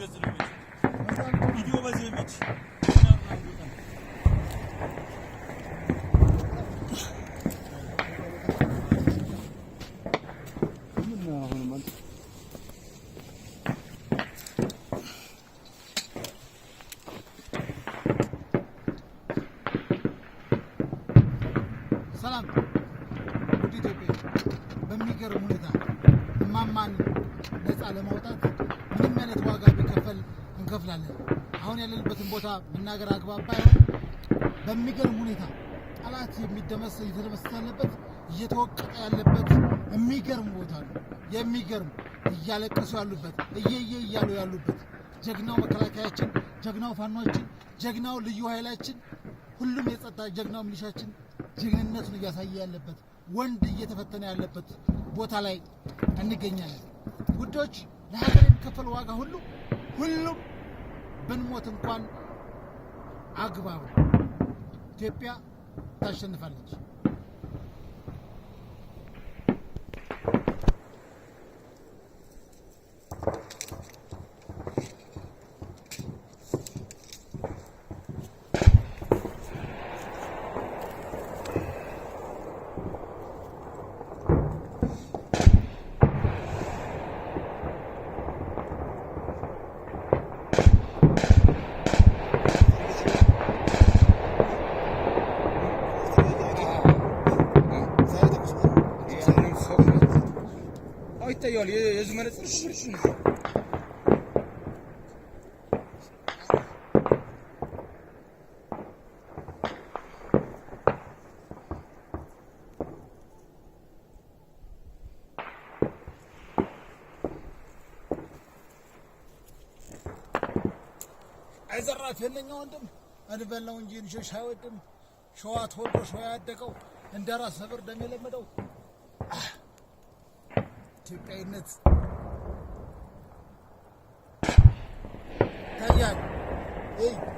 Vezirimiç. Gidiyor Vezirimiç. Salam. ዲቴፒ በሚገርም ሁኔታ እማማን ነፃ ለማውጣት ምንም አይነት እንከፍላለን። አሁን ያለንበትን ቦታ መናገር አግባብ ባይሆን በሚገርም ሁኔታ ጠላት የሚደመሰ እየተደመሰሰ ያለበት እየተወቀጠ ያለበት የሚገርም ቦታ ነው። የሚገርም እያለቀሱ ያሉበት እየየ እያሉ ያሉበት ጀግናው መከላከያችን፣ ጀግናው ፋኖችን፣ ጀግናው ልዩ ኃይላችን፣ ሁሉም የጸጥታ ጀግናው ሚሊሻችን ጀግንነቱን እያሳየ ያለበት ወንድ እየተፈተነ ያለበት ቦታ ላይ እንገኛለን። ጉዳዮች ለሀገር የሚከፈል ዋጋ ሁሉ ሁሉም ብንሞት እንኳን አግባብ ነው። ኢትዮጵያ ታሸንፋለች። ይታየዋል። የዚህ መነጽር ሽሽ ነው። አይዘራት የነኛ ወንድም እንበላው እንጂ እንሸሽ አይወድም። ሸዋ ተወልዶ ሸዋ ያደገው እንደ ራስ ነበር እንደሚለመደው ኢትዮጵያዊነት ይታያል።